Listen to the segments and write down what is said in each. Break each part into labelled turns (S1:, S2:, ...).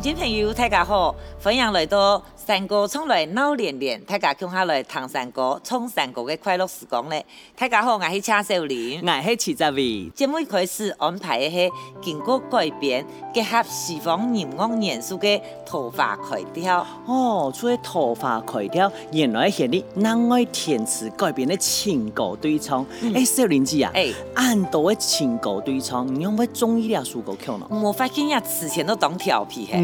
S1: 眾親朋友，大家好！歡迎來到山歌唱來鬧連連，大家看下來談山歌、唱山歌嘅快樂時光咧。大家好，我是謝小玲，那是我是徐哲緯。今尾開始安排嘅係經過改編、結合西方民風元素嘅《桃花開調，哦，做《桃花開調原來係你南安填詞改編咧，情歌對唱。誒、嗯，小、欸、玲姐啊，誒、欸，俺多嘅情歌對唱，你用乜中醫了數歌唱呢？我發現呀，此前都當調皮嘿。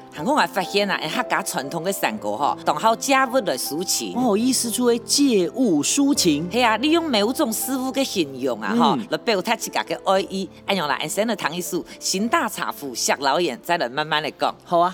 S1: 韓公也發現啊，因客家傳統嘅山歌吼、哦、當好借物來抒情。哦，意思就是借物抒情。係啊，你用某種事物嘅形容啊吼，嗯、個個用來表達自家嘅愛意。安樣啦，先來聽一首《新打茶壺》老，錫摎鉛再來慢慢嚟講。好啊。